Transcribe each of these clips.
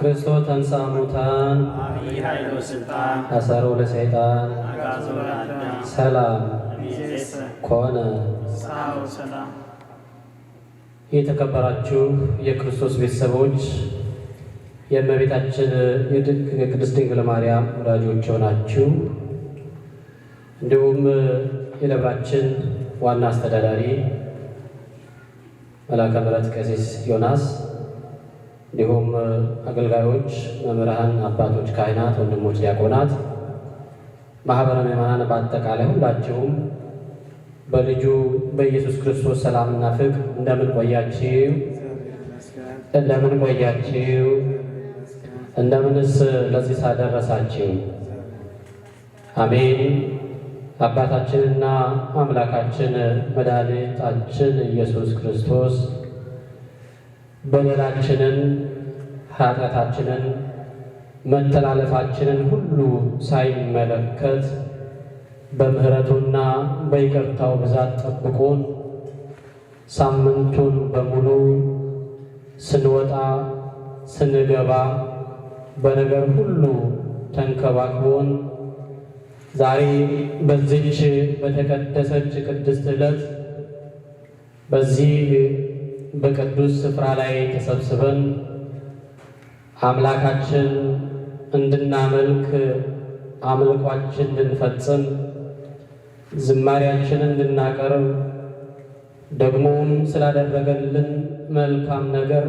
ክርስቶስ ተንሥአ እሙታን አሰሮ ለሰይጣን ሰላም ኮነ። የተከበራችሁ የክርስቶስ ቤተሰቦች የእመቤታችን የቅድስት ድንግል ማርያም ወዳጆች ሆናችሁ እንዲሁም የደብራችን ዋና አስተዳዳሪ መልአከ ምሕረት ቀሲስ ዮናስ እንዲሁም አገልጋዮች፣ መምህራን፣ አባቶች፣ ካህናት፣ ወንድሞች፣ ዲያቆናት፣ ማህበረ ምዕመናን በአጠቃላይ ሁላችሁም በልጁ በኢየሱስ ክርስቶስ ሰላምና ፍቅር እንደምን ቆያችሁ? እንደምን ቆያችሁ? እንደምንስ ለዚህ ሳደረሳችሁ? አሜን። አባታችንና አምላካችን መድኃኒታችን ኢየሱስ ክርስቶስ በደላችንን ኃጢአታችንን መተላለፋችንን ሁሉ ሳይመለከት በምሕረቱና በይቅርታው ብዛት ጠብቆን ሳምንቱን በሙሉ ስንወጣ ስንገባ በነገር ሁሉ ተንከባክቦን ዛሬ በዚች በተቀደሰች ቅድስት ዕለት በዚህ በቅዱስ ስፍራ ላይ ተሰብስበን አምላካችን እንድናመልክ አምልኳችን እንድንፈጽም ዝማሪያችን እንድናቀርብ ደግሞም ስላደረገልን መልካም ነገር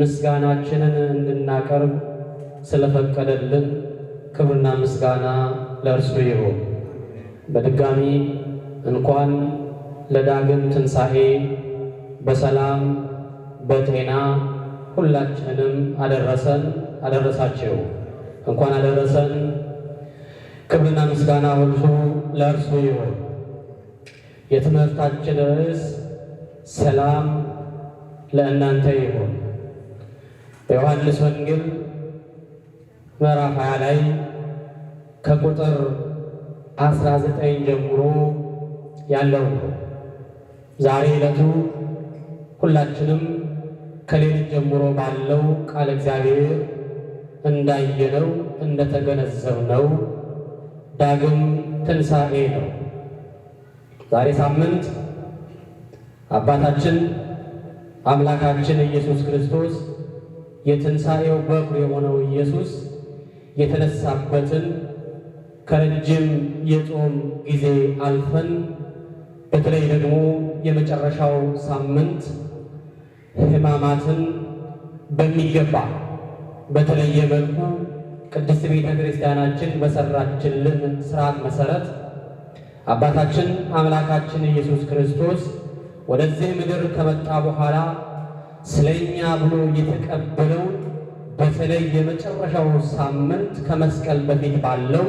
ምስጋናችንን እንድናቀርብ ስለፈቀደልን ክብርና ምስጋና ለእርሱ ይሁን። በድጋሚ እንኳን ለዳግም ትንሣኤ በሰላም በጤና ሁላችንንም አደረሰን አደረሳቸው። እንኳን አደረሰን። ክብርና ምስጋና ሁሉ ለእርሱ ይሁን። የትምህርታችን ርዕስ ሰላም ለእናንተ ይሁን። በዮሐንስ ወንጌል ምዕራፍ 20 ላይ ከቁጥር 19 ጀምሮ ያለው ነው። ዛሬ ዕለቱ ሁላችንም ከሌሊት ጀምሮ ባለው ቃል እግዚአብሔር እንዳየነው እንደተገነዘብነው ዳግም ትንሣኤ ነው። ዛሬ ሳምንት አባታችን አምላካችን ኢየሱስ ክርስቶስ የትንሣኤው በኩር የሆነው ኢየሱስ የተነሳበትን ከረጅም የጾም ጊዜ አልፈን በተለይ ደግሞ የመጨረሻው ሳምንት ሕማማትን በሚገባ በተለየ መልኩ ቅድስት ቤተ ክርስቲያናችን በሰራችልን ስርዓት መሰረት አባታችን አምላካችን ኢየሱስ ክርስቶስ ወደዚህ ምድር ከመጣ በኋላ ስለኛ ብሎ የተቀበለው በተለይ የመጨረሻው ሳምንት ከመስቀል በፊት ባለው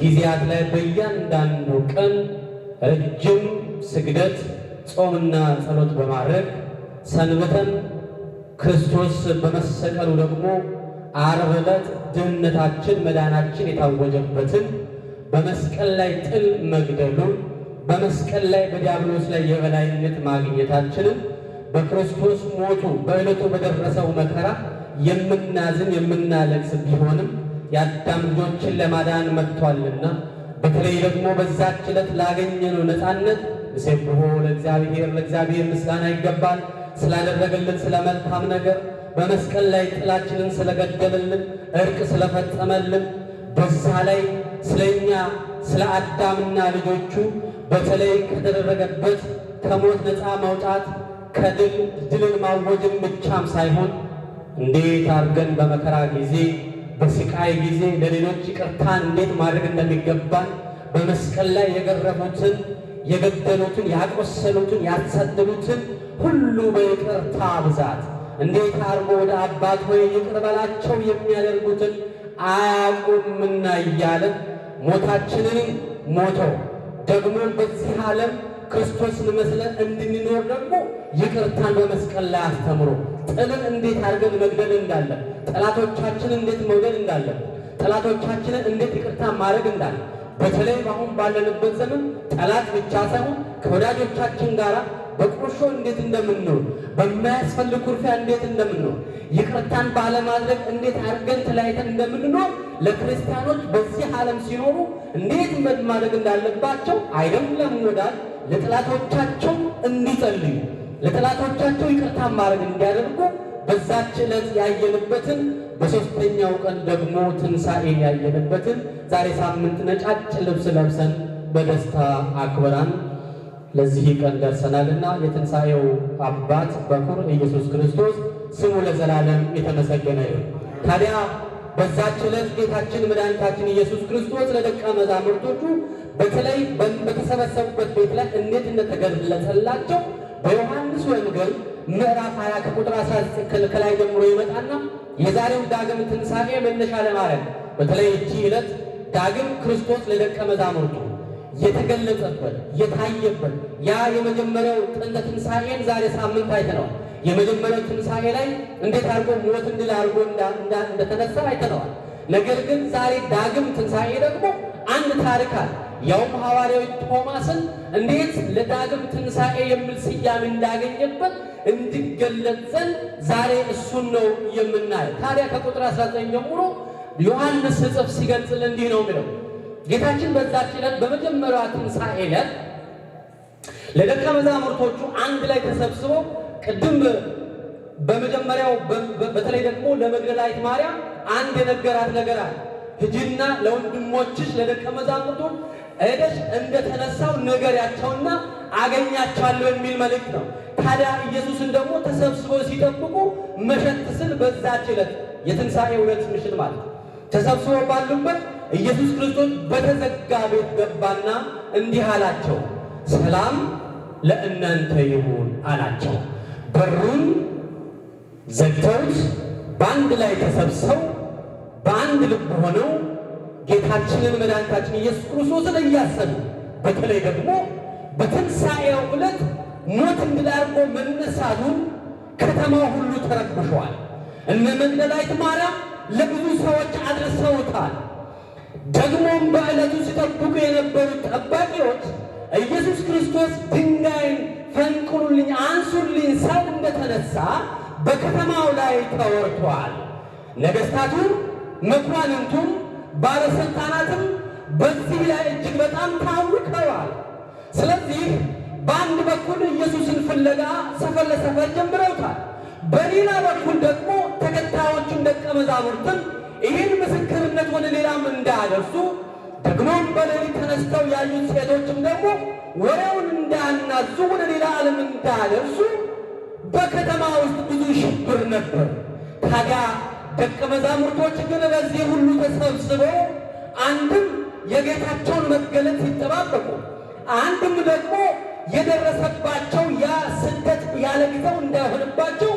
ጊዜያት ላይ በእያንዳንዱ ቀን ረጅም ስግደት፣ ጾምና ጸሎት በማድረግ ሰንበትን ክርስቶስ በመሰቀሉ ደግሞ ዓርብ ዕለት ድህነታችን መዳናችን የታወጀበትን በመስቀል ላይ ጥል መግደሉን በመስቀል ላይ በዲያብሎስ ላይ የበላይነት ማግኘታችንን በክርስቶስ ሞቱ በዕለቱ በደረሰው መከራ የምናዝን የምናለቅስ ቢሆንም የአዳም ልጆችን ለማዳን መጥቷልና በተለይ ደግሞ በዛች ዕለት ላገኘነው ነፃነት ሴብሆ ለእግዚአብሔር ለእግዚአብሔር ምስጋና ይገባል። ስላደረገልን ስለ መልካም ነገር በመስቀል ላይ ጥላችንን ስለገደለልን እርቅ ስለፈጸመልን በዛ ላይ ስለኛ ስለ አዳምና ልጆቹ በተለይ ከተደረገበት ከሞት ነፃ መውጣት ከድል ድልን ማወጅን ብቻም ሳይሆን እንዴት አድርገን በመከራ ጊዜ በስቃይ ጊዜ ለሌሎች ይቅርታን እንዴት ማድረግ እንደሚገባን በመስቀል ላይ የገረፉትን፣ የገደሉትን፣ ያቆሰሉትን፣ ያሳደሉትን ሁሉ በይቅርታ ብዛት እንዴት አርጎ ወደ አባት ሆይ ይቅር በላቸው የሚያደርጉትን አያውቁምና እያለን ሞታችንን ሞቶ ደግሞ በዚህ ዓለም ክርስቶስን መስለን እንድንኖር ደግሞ ይቅርታን በመስቀል ላይ አስተምሮ ጥልን እንዴት አድርገን መግደል እንዳለ፣ ጠላቶቻችንን እንዴት መውደድ እንዳለ፣ ጠላቶቻችንን እንዴት ይቅርታ ማድረግ እንዳለ በተለይ አሁን ባለንበት ዘመን ጠላት ብቻ ሳይሆን ከወዳጆቻችን ጋር በቁርሾ እንዴት እንደምን ነው፣ በማያስፈልግ ኩርፊያ እንዴት እንደምን ነው፣ ይቅርታን ባለማድረግ እንዴት አድርገን ተለያይተን እንደምንኖር ለክርስቲያኖች በዚህ ዓለም ሲኖሩ እንዴት መድ ማድረግ እንዳለባቸው አይደም ወዳል ለጠላቶቻቸው እንዲጸልዩ ለጠላቶቻቸው ይቅርታ ማድረግ እንዲያደርጉ በዛች ዕለት ያየንበትን በሦስተኛው ቀን ደግሞ ትንሣኤን ያየንበትን ዛሬ ሳምንት ነጫጭ ልብስ ለብሰን በደስታ አክብራን ለዚህ ቀን ደርሰናልና የትንሣኤው አባት በኩር ኢየሱስ ክርስቶስ ስሙ ለዘላለም የተመሰገነ ይሁን። ታዲያ በዛች ዕለት ጌታችን መድኃኒታችን ኢየሱስ ክርስቶስ ለደቀ መዛሙርቶቹ በተለይ በተሰበሰቡበት ቤት ላይ እንዴት እንደተገለጸላቸው በዮሐንስ ወንጌል ምዕራፍ 20 ከቁጥር 19 ከላይ ጀምሮ ይመጣና የዛሬው ዳግም ትንሣኤ መነሻ ለማድረግ በተለይ እቺ ዕለት ዳግም ክርስቶስ ለደቀ መዛሙርቱ የተገለጸበት የታየበት ያ የመጀመሪያው ጥንተ ትንሣኤን ዛሬ ሳምንት አይተነዋል። የመጀመሪያው ትንሣኤ ላይ እንዴት አድርጎ ሞት እንድል አድርጎ እንደተነሳ አይተነዋል። ነገር ግን ዛሬ ዳግም ትንሣኤ ደግሞ አንድ ታሪክ አለ። ያውም ሐዋርያዊ ቶማስን እንዴት ለዳግም ትንሣኤ የሚል ስያሜ እንዳገኘበት እንዲገለጽ ዘንድ ዛሬ እሱን ነው የምናየው። ታዲያ ከቁጥር 19 ጀምሮ ዮሐንስ ጽሑፍ ሲገልጽል እንዲህ ነው የሚለው ጌታችን በዛች ዕለት በመጀመሪያዋ ትንሣኤ ዕለት ለደቀ መዛሙርቶቹ አንድ ላይ ተሰብስቦ ቅድም በመጀመሪያው በተለይ ደግሞ ለመግደላዊት ማርያም አንድ የነገራት ነገር አለ። ሂጂና ለወንድሞችሽ ለደቀ መዛሙርቱ እደሽ እንደተነሳው ንገሪያቸውና አገኛቸዋለሁ የሚል መልእክት ነው። ታዲያ ኢየሱስን ደግሞ ተሰብስቦ ሲጠብቁ መሸት ስል በዛች ዕለት የትንሣኤ ዕለት ምሽት ማለት ነው ተሰብስበው ባሉበት ኢየሱስ ክርስቶስ በተዘጋ ቤት ገባና እንዲህ አላቸው፣ ሰላም ለእናንተ ይሁን አላቸው። በሩን ዘግተውት በአንድ ላይ ተሰብስበው በአንድ ልብ ሆነው ጌታችንን መድኃኒታችን ኢየሱስ ክርስቶስን እያሰሉ በተለይ ደግሞ በትንሣኤው ዕለት ሞት እንድላርጎ መነሳቱን ከተማው ሁሉ ተረብሸዋል። እነ መግደላዊት ማርያም ለብዙ ሰዎች አድርሰውታል። ደግሞም በዕለቱ ሲጠብቁ የነበሩት ጠባቂዎች ኢየሱስ ክርስቶስ ድንጋይን ፈንቅሉልኝ፣ አንሱልኝ ሰው እንደተነሳ በከተማው ላይ ተወርቷል። ነገሥታቱም መኳንንቱም ባለሥልጣናትም በዚህ ላይ እጅግ በጣም ታውቀዋል። ስለዚህ በአንድ በኩል ኢየሱስን ፍለጋ ሰፈር ለሰፈር ጀምረውታል። በሌላ በኩል ደግሞ ተከታዮቹን ደቀ መዛሙርትን ይህን ምስክርነት ወደ ሌላም እንዳያደርሱ ደግሞም በሌሊት ተነስተው ያዩት ሴቶችም ደግሞ ወሬውን እንዳያናዙ ወደ ሌላ ዓለም እንዳያደርሱ በከተማ ውስጥ ብዙ ሽብር ነበር። ታዲያ ደቀ መዛሙርቶች ግን በዚህ ሁሉ ተሰብስበው አንድም የጌታቸውን መገለጥ ሲጠባበቁ፣ አንድም ደግሞ የደረሰባቸው ያ ስደት ያለጊዜው እንዳይሆንባቸው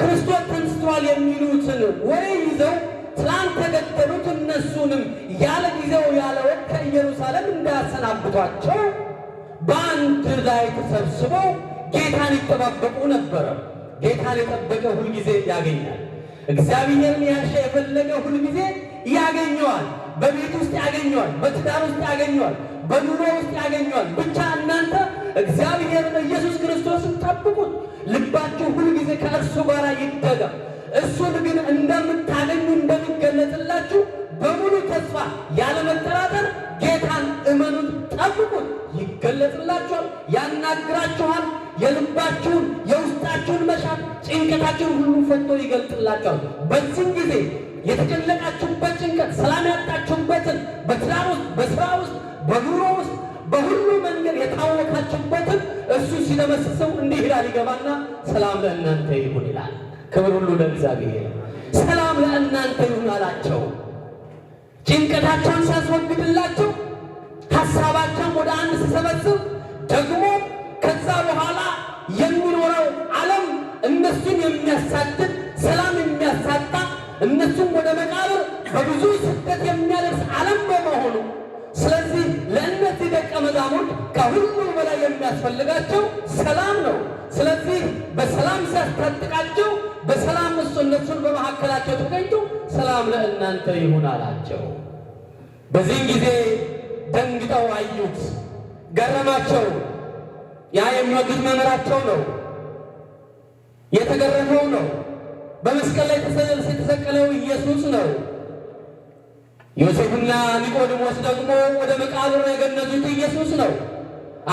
ክርስቶስ ተንስቷል የሚሉትን ወይ ይዘው ትላንት ተገደሉት እነሱንም ያለ ጊዜው ያለ ወቅት ከኢየሩሳሌም እንዳያሰናብቷቸው በአንድ ላይ ተሰብስበው ጌታን ይጠባበቁ ነበረ። ጌታን የጠበቀ ሁልጊዜ ያገኛል። እግዚአብሔርን ያሻ የፈለገ ሁልጊዜ ያገኘዋል። በቤት ውስጥ ያገኘዋል። በትዳር ውስጥ ያገኘዋል። በኑሮ ውስጥ ያገኘዋል። ልባችሁ ሁልጊዜ ከእርሱ ጋር ይደጋ። እሱን ግን እንደምታገኙ እንደሚገለጥላችሁ በሙሉ ተስፋ ያለመጠራጠር ጌታን እመኑት፣ ጠብቁት። ይገለጥላችኋል፣ ያናግራችኋል። የልባችሁን የውስጣችሁን መሻት ጭንቀታችሁን ሁሉ ፈቶ ይገልጥላችኋል። በዚህም ጊዜ የተጨነቃችሁበት ጭንቀት፣ ሰላም ያጣችሁበትን በትዳር ውስጥ፣ በስራ ውስጥ፣ በኑሮ ውስጥ በሁሉ መንገድ የታወቃችሁበትን እሱ ሲለመስሰው እንዲህ ይላል ይገባና ሰላም ለእናንተ ይሁን ይላል። ክብር ሁሉ ለእግዚአብሔር። ሰላም ለእናንተ ይሁን አላቸው። ጭንቀታቸውን ሲያስወግድላቸው፣ ሀሳባቸውን ወደ አንድ ሲሰበስብ ደግሞ ከዛ በኋላ የሚኖረው ዓለም እነሱን የሚያሳድድ ሰላም የሚያሳጣ እነሱም ወደ መቃብር በብዙ ስደት የሚያደርስ ዓለም በመሆኑ ስለዚህ አሁን ከሁሉ በላይ የሚያስፈልጋቸው ሰላም ነው። ስለዚህ በሰላም ሲያስታጥቃቸው በሰላም እሱ እነሱን በመካከላቸው ተገኝቶ ሰላም ለእናንተ ይሁን አላቸው። በዚህም ጊዜ ደንግጠው አዩት፣ ገረማቸው። ያ የሚወዱት መምህራቸው ነው፣ የተገረመው ነው፣ በመስቀል ላይ የተሰቀለው ኢየሱስ ነው። ዮሴፍና ኒቆዲሞስ ደግሞ ወደ መቃብር የገነዙት ኢየሱስ ነው።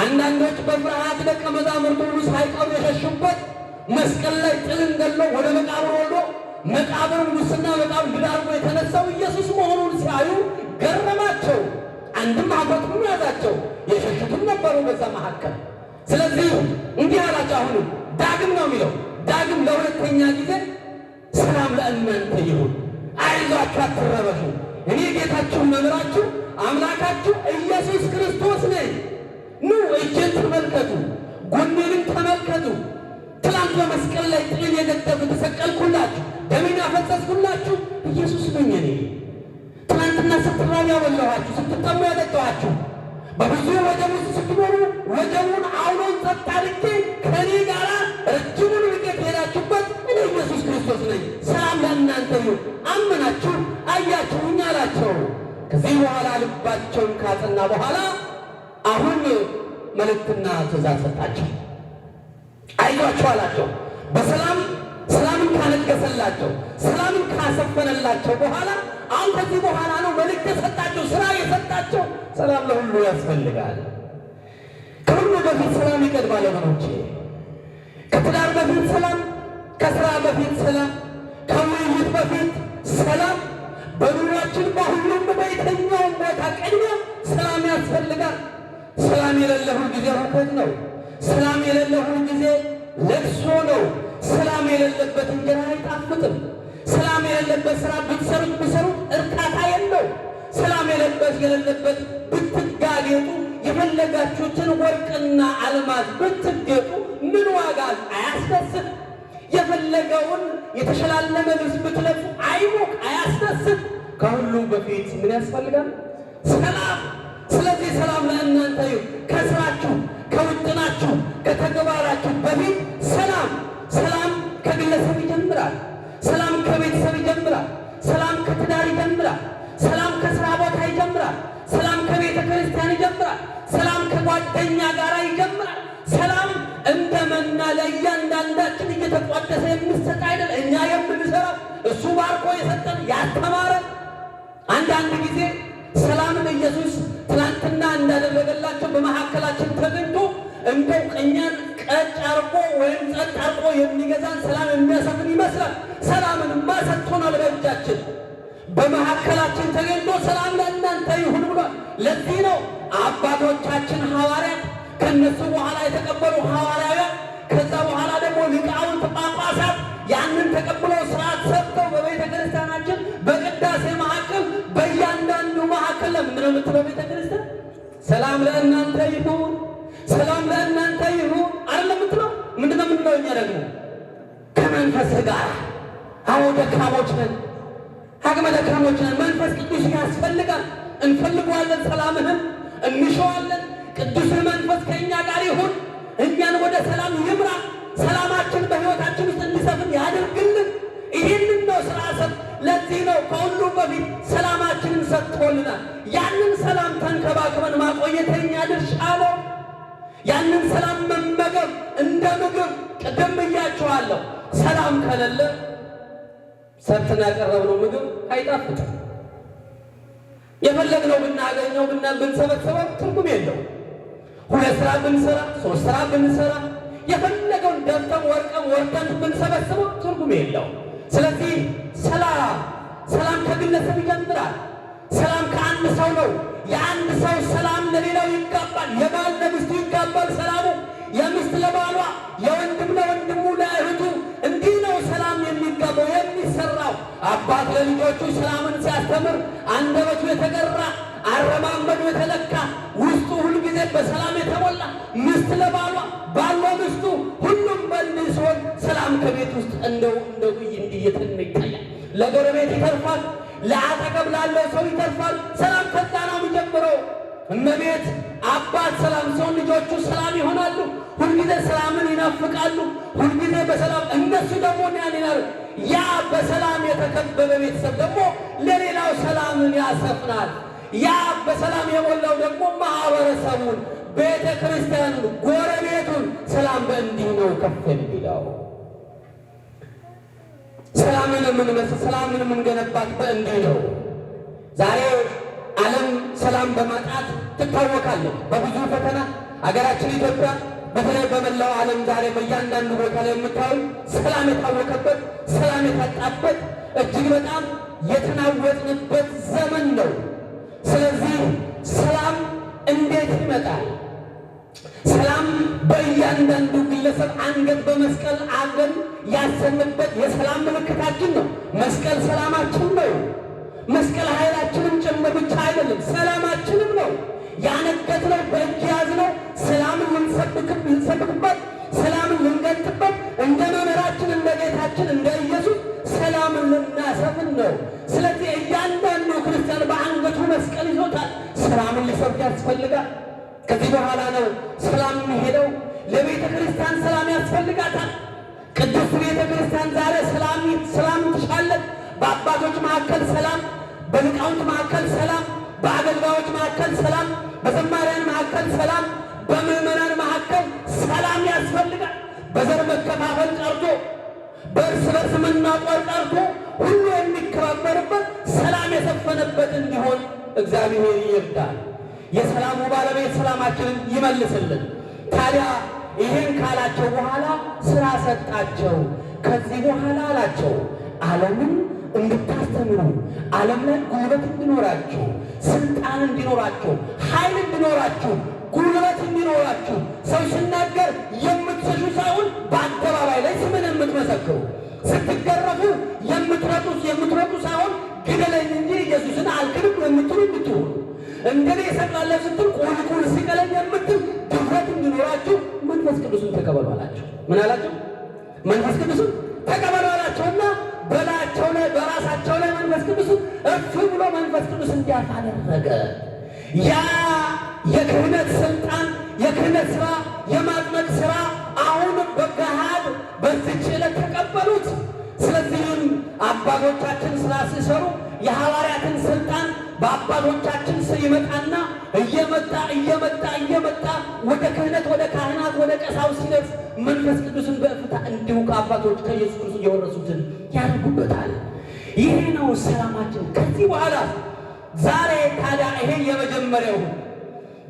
አንዳንዶች በፍርሃት ደቀ መዛሙርቱ ሁሉ ሳይቀሩ የሸሹበት መስቀል ላይ ጥልን ገለው ወደ መቃብር ወርዶ መቃብር ሙስና መቃብር ግዳርጎ የተነሳው ኢየሱስ መሆኑን ሲያዩ ገረማቸው። አንድም አፈጥኑ ያዛቸው፣ የሸሹትም ነበሩ በዛ መካከል። ስለዚህ እንዲህ አላቸው። አሁኑ ዳግም ነው የሚለው ዳግም ለሁለተኛ ጊዜ ሰላም ለእናንተ ይሁን፣ አይዟችሁ፣ አትረበሹ እኔ ጌታችሁ መምራችሁ አምላካችሁ ኢየሱስ ክርስቶስ ነኝ። ኑ እጄን ተመልከቱ፣ ጎኔንም ተመልከቱ። ትላንት በመስቀል ላይ ጥሌን የገጠፉ ተሰቀልኩላችሁ፣ ደሜን ያፈሰስኩላችሁ ኢየሱስ ነኝ እኔ። ትላንትና ስትራብ ያበላኋችሁ፣ ስትጠሙ ያጠጣኋችሁ፣ በብዙ ወጀብ ውስጥ ስትኖሩ ወጀቡን አውሎን ጸጥ አድርጌ ከእኔ ጋር ረጅሙን ርቀት ሄዳችሁበት እኔ ኢየሱስ ክርስቶስ ነኝ። ሰላም ለእናንተ ይሁን። ልቦናቸውን ካጸና በኋላ አሁን መልእክትና ትእዛዝ ሰጣቸው። አይዟቸው አላቸው። በሰላም ሰላምን ካነገሰላቸው ሰላምን ካሰፈነላቸው በኋላ አሁን ከዚህ በኋላ ነው መልእክት የሰጣቸው ስራ የሰጣቸው። ሰላም ለሁሉ ያስፈልጋል። ከሁሉ በፊት ሰላም ይቀድማል ወገኖቼ። ከትዳር በፊት ሰላም፣ ከስራ በፊት ሰላም፣ ከውይይት በፊት ሰላም በኑሯችን በሁሉም በየትኛውም ቦታ ቀድሞ ሰላም ያስፈልጋል። ሰላም የሌለሁን ጊዜ ሁከት ነው። ሰላም የሌለሁን ጊዜ ለቅሶ ነው። ሰላም የሌለበት እንጀራ አይጣፍጥም። ሰላም የሌለበት ስራ ብትሰሩት ብሰሩት እርካታ የለው። ሰላም የሌለበት የሌለበት ብትጋጌጡ የፈለጋችሁትን ወርቅና አልማዝ ብትጌጡ ምን ዋጋ አያስደስትም። የፈለገውን የተሸላለመ ልብስ ብትለብሱ አይሞቅ፣ አያስደስት። ከሁሉ በፊት ምን ያስፈልጋል? ሰላም። ስለዚህ ሰላም ለእናንተ ይሁን። ከስራችሁ፣ ከውጥናችሁ፣ ከተግባራችሁ በፊት ሰላም። ሰላም ከግለሰብ ይጀምራል። ሰላም ከቤተሰብ ይጀምራል። ሰላም ከትዳር ይጀምራል። ሰላም ከስራ ቦታ ይጀምራል። ሰላም ከቤተ ክርስቲያን ይጀምራል። ሰላም ከጓደኛ ጋር ይጀምራል። ሰላም እንደ መና ለእያንዳንዳችን እየተቋደሰ የምሰጥ አይደል። እኛ የምንሰራው እሱ ባርኮ የሰጠን ያስተማረን። አንዳንድ ጊዜ ሰላምን ኢየሱስ ትናንትና እንዳደረገላቸው በመካከላችን ተገኝቶ እንደው እኛን ቀጭ አርቆ ወይም ጸጥ አርቆ የሚገዛን ሰላም የሚያሰፍን ይመስላል። ሰላምንማ ሰጥቶናል በእጃችን በመካከላችን ተገኝቶ ሰላም ለእናንተ ይሁን ብሏል። ለዚህ ነው አባቶቻችን ሐዋርያት ከነሱ በኋላ የተቀበሉ ሐዋርያውያን፣ ከዛ በኋላ ደግሞ ሊቃውንት ጳጳሳት ያንን ተቀብለው ስርዓት ሰጥተው በቤተ ክርስቲያናችን በቅዳሴ መካከል በእያንዳንዱ መካከል ለምንድነው የምትለው ቤተ ክርስቲያን ሰላም ለእናንተ ይሁን፣ ሰላም ለእናንተ ይሁን አይደለም የምትለው። ምንድነው የምንለው እኛ ደግሞ ከመንፈስ ጋር አዎ፣ ደካሞች ነን፣ አቅመ ደካሞች ነን። መንፈስ ቅዱስ ያስፈልጋል። እንፈልገዋለን፣ ሰላምህን እንሸዋለን ቅዱስ መንፈስ ከእኛ ጋር ይሁን፣ እኛን ወደ ሰላም ይምራ፣ ሰላማችን በሕይወታችን ውስጥ እንዲሰፍን ያደርግልን። ይህንን ነው ስርዓሰብ። ለዚህ ነው ከሁሉ በፊት ሰላማችንን ሰጥቶልናል። ያንን ሰላም ተንከባክበን ማቆየተኛ ድርሻ ነው። ያንን ሰላም መመገብ እንደ ምግብ ቅድም ብያችኋለሁ። ሰላም ከሌለ ሰርተን ያቀረብነው ምግብ አይጣፍጥም። የፈለግነው ብናገኘው ብንሰበሰበው ትርጉም የለው። ሁለት ስራ ብንሰራ ሶስት ስራ ብንሰራ የፈለገውን ደፍተን ወርቀን ወርደን ብንሰበስበው ትርጉም የለው። ስለዚህ ሰላም ሰላም ከግለሰብ ይጀምራል። ሰላም ከአንድ ሰው ነው። የአንድ ሰው ሰላም ለሌላው ይጋባል። የባል ለሚስቱ ይጋባል ሰላሙ፣ የሚስት ለባሏ፣ የወንድም ለወንድሙ፣ ለእህቱ። እንዲህ ነው ሰላም የሚጋባው የሚሰራው። አባት ለልጆቹ ሰላምን ሲያስተምር አንደበቱ የተገራ አረማመዱ የተለካ ውስጡ ሁል በሰላም የተሞላ ሚስት ለባሏ ባሏ ሚስቱ ሁሉም በእንዲህ ሲሆን ሰላም ከቤት ውስጥ እንደው እንደው እንዲየትን ይታያል። ለጎረቤት ይተርፋል፣ ለአጠገብ ላለው ሰው ይተርፋል። ሰላም ከዛ ነው የሚጀምረው። እመቤት አባት ሰላም ሰው ልጆቹ ሰላም ይሆናሉ። ሁልጊዜ ሰላምን ይናፍቃሉ። ሁልጊዜ በሰላም እነሱ ደግሞ ያን ይናሉ። ያ በሰላም የተከበበ ቤተሰብ ደግሞ ለሌላው ሰላምን ያሰፍናል። ያ በሰላም የሞላው ደግሞ ማህበረሰቡን፣ ቤተ ክርስቲያኑ ጎረቤቱን ሰላም በእንዲህ ነው ከፍ የሚለው። ሰላምን የምንመስል ሰላምን የምንገነባት በእንዲህ ነው። ዛሬ ዓለም ሰላም በማጣት ትታወቃለች በብዙ ፈተና። አገራችን ኢትዮጵያ በተለይ በመላው ዓለም ዛሬ በእያንዳንዱ ቦታ ላይ የምታዩ ሰላም የታወቀበት ሰላም የታጣበት እጅግ በጣም የተናወጥንበት ዘመን ነው። ስለዚህ ሰላም እንዴት ይመጣል? ሰላም በእያንዳንዱ ግለሰብ አንገት በመስቀል አብረን ያሰንበት የሰላም ምልክታችን ነው። መስቀል ሰላማችን ነው። መስቀል ኃይላችንም ጭምር ብቻ አይደለም፣ ሰላማችንም ነው። ያነገትነው በእጅ ያዝነው ሰላምን ልንሰብክበት ሰላም በኋላ ነው ሰላም የሚሄደው። ለቤተ ክርስቲያን ሰላም ያስፈልጋታል። ቅድስት ቤተ ክርስቲያን ዛሬ ሰላም ሰላም ትሻለን። በአባቶች መካከል ሰላም፣ በሊቃውንት መካከል ሰላም፣ በአገልጋዮች መካከል ሰላም፣ በዘማሪያን መካከል ሰላም፣ በምዕመናን መካከል ሰላም ያስፈልጋል። በዘር መከፋፈል ቀርቶ በእርስ በርስ መናቆር ቀርቶ ሁሉ የሚከባበርበት ሰላም የሰፈነበት እንዲሆን እግዚአብሔር ይርዳል። የሰላሙ ባለቤት ሰላማችንን ይመልስልን። ታዲያ ይህን ካላቸው በኋላ ስራ ሰጣቸው። ከዚህ በኋላ አላቸው ዓለምን እንድታስተምሩ ዓለም ላይ ጉልበት እንዲኖራችሁ፣ ስልጣን እንዲኖራችሁ፣ ኃይል እንዲኖራችሁ፣ ጉልበት እንዲኖራችሁ ሰው ሲናገር የምትሸሹ ሳይሆን በአደባባይ ላይ ስምን የምትመሰክሩ ስትገረፉ የምትረጡ የምትረጡ ሳይሆን ግደለኝ እንጂ ኢየሱስን አልክድም የምትሉ እንድትሆኑ እንግዲህ እሰቅላለሁ ስትል ቁልቁል ስቀለኝ የምትል ድፍረት እንዲኖራችሁ መንፈስ ቅዱስን ተቀበሉ አላቸው። ምን አላቸው? መንፈስ ቅዱስን ተቀበሉ አላቸውና በላቸው ላይ በራሳቸው ላይ መንፈስ ቅዱስን እፍ ብሎ መንፈስ ቅዱስ እንዲያርፍ አደረገ። ያ የክህነት ስልጣን፣ የክህነት ስራ፣ የማጥመቅ ስራ አሁን በገሃድ በዚች ዕለት ተቀበሉት። ስለዚህም አባቶቻችን ስራ ሲሰሩ የሐዋርያትን ስልጣን በአባቶቻችን ስር ይመጣና እየመጣ እየመጣ እየመጣ ወደ ክህነት፣ ወደ ካህናት፣ ወደ ቀሳው ሲደርስ መንፈስ ቅዱስን በእፍታ እንዲሁ ከአባቶች ከኢየሱስ ክርስቶስ እየወረሱትን ያደርጉበታል። ይሄ ነው ሰላማችን። ከዚህ በኋላ ዛሬ ታዲያ ይሄ የመጀመሪያው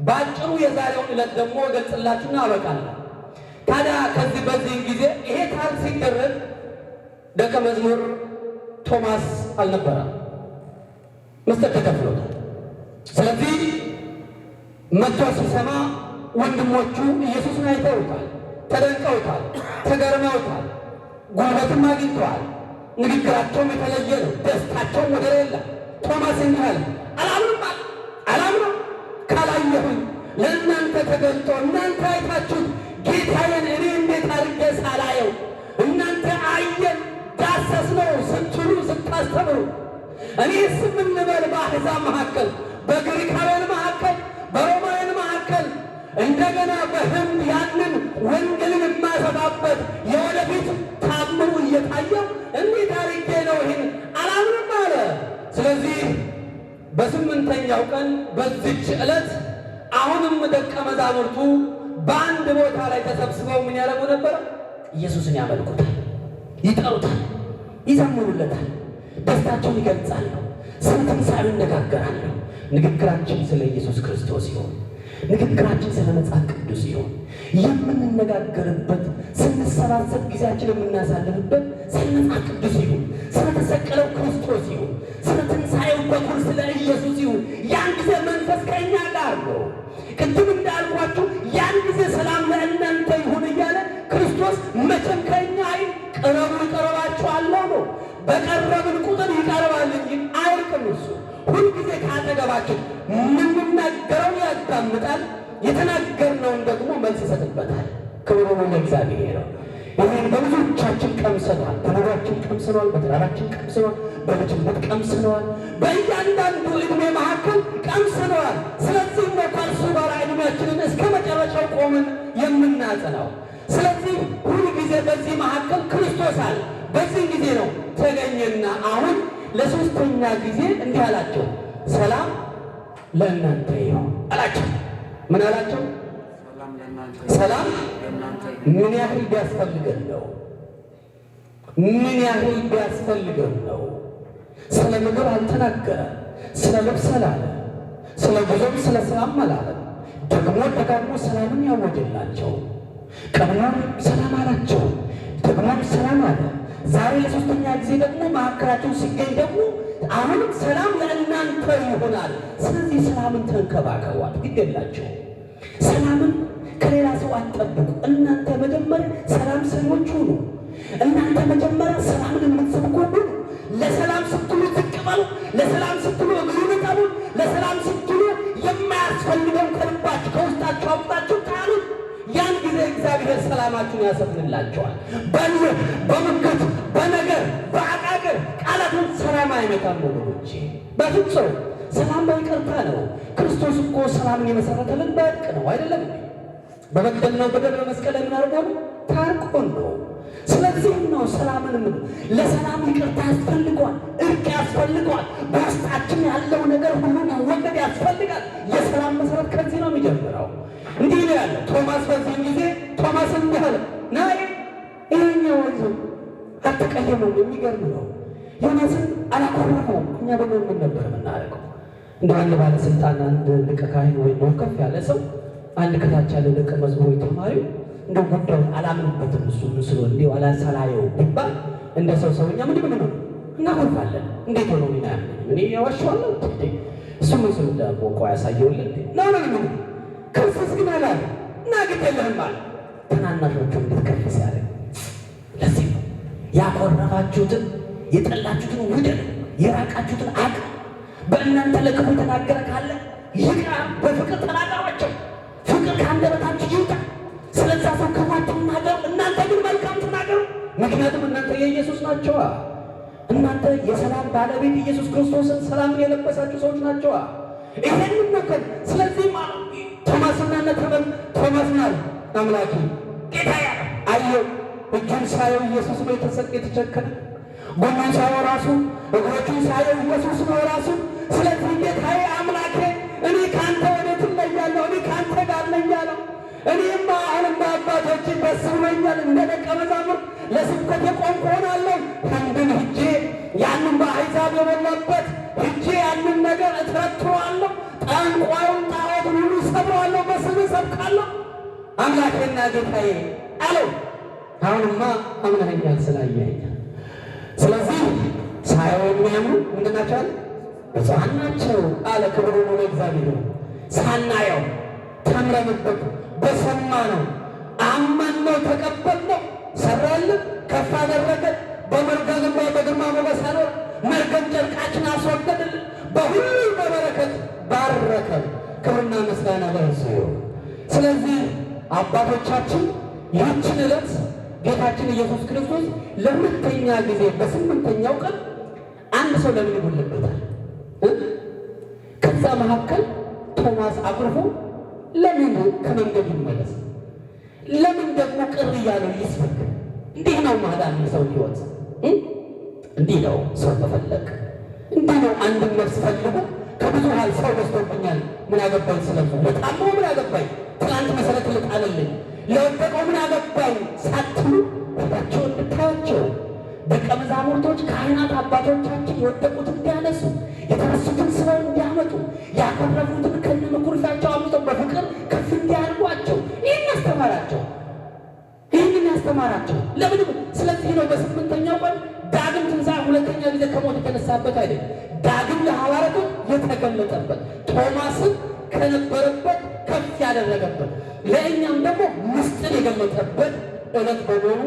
ባጭሩ የዛሬውን ዕለት ደግሞ ገልጽላችሁና አበቃለሁ። ታዲያ ከዚህ በዚህም ጊዜ ይሄ ታል ሲደረግ ደቀ መዝሙር ቶማስ አልነበረም። መስጠት ተከፍሎታል። ስለዚህ መቶ ሲሰማ ወንድሞቹ ኢየሱስን አይተውታል፣ ተደንቀውታል፣ ተገርመውታል፣ ጉልበትም አግኝተዋል። ንግግራቸውም የተለየ ነው። ደስታቸውም ወደ ሌላ ቶማስ እንዲህ አላምንም አላምንም ካላየሁኝ ለእናንተ ተገልጦ እናንተ አይታችሁት ጌታዬን እኔ እንዴት አድርጌ ሳላየው እናንተ አየን ዳሰስ ነው ስትሉ ስታስተምሩ እኔ ስም እንበል በአሕዛብ መካከል፣ በግሪካውያን መካከል፣ በሮማውያን መካከል እንደገና በህንድ ያንን ወንጌልን የማሰባበት የወደፊት ታምሩ እየታየው እንዴት አድርጌ ነው ይህን አላምንም አለ። ስለዚህ በስምንተኛው ቀን በዚች ዕለት አሁንም ደቀ መዛሙርቱ በአንድ ቦታ ላይ ተሰብስበው ምን ያደርጉ ነበረ? ኢየሱስን ያመልኩታል፣ ይጠሩታል፣ ይዘምሩለታል። ደስታቸውን ይገልጻሉ። ስለ ትንሣኤው ይነጋገራሉ። ንግግራችን ስለ ኢየሱስ ክርስቶስ ይሆን? ንግግራችን ስለ መጽሐፍ ቅዱስ ይሆን? የምንነጋገርበት ስንሰባሰብ ጊዜያችን የምናሳልፍበት ስለ መጽሐፍ ቅዱስ ይሁን፣ ስለተሰቀለው ክርስቶስ ይሁን፣ ስለ ትንሣኤው በኩል ስለ ኢየሱስ ይሁን። ያን ጊዜ መንፈስ ከእኛ ጋር ነው። ቅድም እንዳልኳችሁ ያን ጊዜ ሰላም ለእናንተ ይሁን እያለ ክርስቶስ መቼም ከእኛ አይ ቅረቡ ይቀረባችኋለሁ ነው በቀረብን ቁጥር ይቀርባል እንጂ አይርቅም። እሱ ሁልጊዜ ካጠገባችን የምንናገረውን ያዳምጣል፣ የተናገርነውን ደግሞ መልስ ይሰጥበታል። ክብሩ ለእግዚአብሔር ነው። ይህን በብዙዎቻችን ቀምሰነዋል። በኑሯችን ቀምሰነዋል። በትዳራችን ቀምሰነዋል። በልጅነት ቀምሰነዋል። በእያንዳንዱ እድሜ መካከል ቀምሰነዋል። ስለዚህ ነው ከእርሱ ጋር እድሜያችንን እስከ መጨረሻው ቆምን የምናጸናው። ስለዚህ ሁሉ ጊዜ በዚህ መካከል ክርስቶስ አለ። በዚህ ጊዜ ነው ተገኘና አሁን ለሶስተኛ ጊዜ እንዲህ አላቸው፣ ሰላም ለእናንተ ይሁን አላቸው። ምን አላቸው? ሰላም ምን ያህል ቢያስፈልገን ነው? ምን ያህል ቢያስፈልገን ነው? ስለ ምግብ አልተናገረ፣ ስለ ልብስ አላለ፣ ስለ ጉዞም ስለ ሰላም አላለ። ደግሞ ደጋግሞ ሰላምን ያወጀላቸው። ቀድሞም ሰላም አላቸው፣ ደግሞም ሰላም አለ። ዛሬ ለሶስተኛ ጊዜ ደግሞ መካከላቸው ሲገኝ ደግሞ አሁን ሰላም ለእናንተ ይሆናል። ስለዚህ ሰላምን ተንከባከቧት፣ ግድ ሰላምን ከሌላ ሰው አትጠብቁ። እናንተ መጀመር ሰላም ሰኞች ሁኑ። እናንተ መጀመር ሰላምን የምትሰብኩ ሁኑ። ለሰላም ስትሉ ዝቅ ለሰላም ስትሉ እግሩን ጠቡ። ለሰላም ስትሉ የማያስፈልገው ከልባችሁ ከውስጣችሁ አውጣችሁ ታሉ። ያን ጊዜ እግዚአብሔር ሰላማችሁን ያሰፍንላቸዋል። በሉ በምክር ጌታን ወገኖቼ በፍጹም ሰላም በይቅርታ ነው። ክርስቶስ እኮ ሰላምን የመሰረተልን በእርቅ ነው አይደለም? በበደል ነው፣ በደል በመስቀል የምናደርገው ታርቆ ነው። ስለዚህ ነው ሰላምን ምን ለሰላም ይቅርታ ያስፈልጓል፣ እርቅ ያስፈልጓል። በውስጣችን ያለው ነገር ሁሉ መወገድ ያስፈልጋል። የሰላም መሰረት ከዚህ ነው የሚጀምረው። እንዲህ ነው ያለ ቶማስ። በዚህም ጊዜ ቶማስ እንዲህ አለ፣ ና ይህኛው ወንዙ አልተቀየመው። የሚገርም ነው ዮናስን አላኮረፈውም። እኛ ደግሞ ምን ነበር የምናደርገው? እንደ አንድ ባለስልጣን፣ አንድ ሊቀ ካህን ወይም ነው ከፍ ያለ ሰው አንድ ከታች ያለ ሊቀ መዝሙር ተማሪው እንደ ጉዳዩን አላምንበትም እሱ ምስሎ እንዲ አላሰላየው ቢባል እንደ ሰው ሰውኛ ምን ምን ነው እናኮርፋለን። እንዴት ሆኖ ሚና እኔ የዋሸዋለሁ እሱ ምስሉ እንዳቦቆ ያሳየውልን ነው ነው ነው ክርስቶስ ግን አላለ እና የለህም አለ። ተናናሾቹ እንዴት ከፍ ሲያደርግ ለዚህ ነው ያኮረፋችሁትን የጠላችሁትን ውደድ፣ የራቃችሁትን አቅ በእናንተ ለክፉ ተናገረ ካለ ይቅራ፣ በፍቅር ተናገሯቸው። ፍቅር ከአንደበታችሁ ይውጣ። ስለዛ ሰው ክፉ አትናገሩ፣ እናንተ ግን መልካም ትናገሩ። ምክንያቱም እናንተ የኢየሱስ ናቸዋ። እናንተ የሰላም ባለቤት ኢየሱስ ክርስቶስን ሰላምን የለበሳችሁ ሰዎች ናቸዋ። ይሄን ይመከል። ስለዚህ ቶማስናነ ቶማስና አምላኪ ጌታ ያ አየው እጁን ሳየው ኢየሱስ ነው የተሰቀ የተቸከለ ጎኑን ሳየው ራሱ እግሮቹን ሳየው ኢየሱስ ነው ራሱ። ስለዚህ ጌታዬ አምላኬ እኔ ከአንተ ወዴት እለያለሁ? እኔ ከአንተ ጋር እኔማ አሁንማ ደስ ብሎኛል፣ እንደ ደቀ ለስብከት የቆምኩ ሆናለሁ። ህንድን ሂጄ ያንን በአሕዛብ ሂጄ ያንን ነገር እተረትረዋለሁ፣ ጠንቋዩን ጣዖቱን ሁሉ አምላኬና ጌታዬ አለው። አሁንማ ስላየኸኛል የማያምኑ ምንድናቸዋል? ብፁዓን ናቸው አለ። ክብር ሆኖ እግዚአብሔር ሳናየው ተምረንበት በሰማ ነው አማን ነው ተቀበል ነው ሰራልን ከፍ አደረገን በመርገምና በግርማ ሞገስ አኖር መርገም ጨርቃችን አስወገድልን በሁሉ በበረከት ባረከ ክብርና ምስጋና ለእርሱ ይሁን። ስለዚህ አባቶቻችን ይህችን ዕለት ጌታችን ኢየሱስ ክርስቶስ ለሁለተኛ ጊዜ በስምንተኛው ቀን አንድ ሰው ለምን ይጎልበታል? ከዛ መካከል ቶማስ አቅርፎ ለምን ከመንገድ ይመለስ? ለምን ደግሞ ቅር እያለው ይስበክ? እንዲህ ነው ማዳን ሰው ህይወት። እንዲህ ነው ሰው መፈለግ። እንዲህ ነው አንድ ነፍስ ፈልጎ ከብዙ ሀል ሰው በዝቶብኛል፣ ምን አገባኝ ስለሱ፣ በጣም ምን አገባኝ፣ ትላንት መሰረት ልጣለልኝ፣ ለወደቀው ምን አገባኝ ሳትሉ ወዳቸው እንድታያቸው ደቀ መዛሙርቶች ካህናት አባቶቻችን የወደቁት እንዲያነሱ የተነሱትን ስበው እንዲያመጡ ያከረፉትን ከነ መኩሪታቸው አምጠው በፍቅር ከፍ እንዲያርጓቸው ይህን ያስተማራቸው ይህንን ያስተማራቸው ለምንም። ስለዚህ ነው በስምንተኛው ቀን ዳግም ትንሣኤ ሁለተኛ ጊዜ ከሞት የተነሳበት አይደለም፣ ዳግም ለሐዋርያቱ የተገለጠበት ቶማስን ከነበረበት ከፍ ያደረገበት ለእኛም ደግሞ ምስጢር የገለጠበት እለት በመሆኑ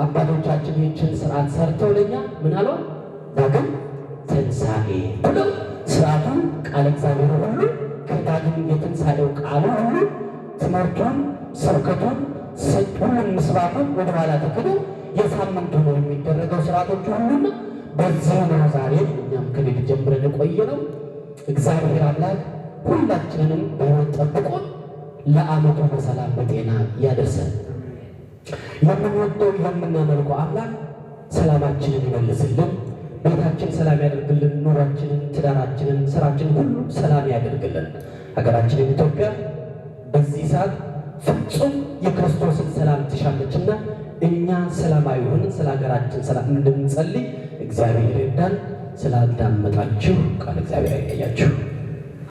አባቶቻችን ይህችን ስርዓት ሰርተው ለኛ ምን አለ ዳግም ትንሳኤ ብሎ ስርዓቱን ቃለ እግዚአብሔር ሁሉ ከዳግም የትንሳኤው ቃሉ ሁሉ ትምህርቱን፣ ስብከቱን፣ ሁሉም ምስባቱን ኋላ ተክዶ የሳምንቱ ነው የሚደረገው ስርዓቶቹ ሁሉና በዚህ ነው ዛሬ እኛም ከቤት ጀምረን የቆየ ነው። እግዚአብሔር አምላክ ሁላችንንም በሕይወት ጠብቆን ለአመቱ በሰላም በጤና ያደርሰን። የምንወደው የምናመልከው አምላክ ሰላማችንን ይመልስልን፣ ቤታችን ሰላም ያደርግልን፣ ኑሯችንን፣ ትዳራችንን፣ ስራችን ሁሉ ሰላም ያደርግልን። ሀገራችንን ኢትዮጵያ በዚህ ሰዓት ፍጹም የክርስቶስን ሰላም ትሻለችና እኛ ሰላም አይሆን ስለ ሀገራችን ሰላም እንድንጸልይ እግዚአብሔር ይርዳን። ስላዳመጣችሁ ቃል እግዚአብሔር አይለያችሁ።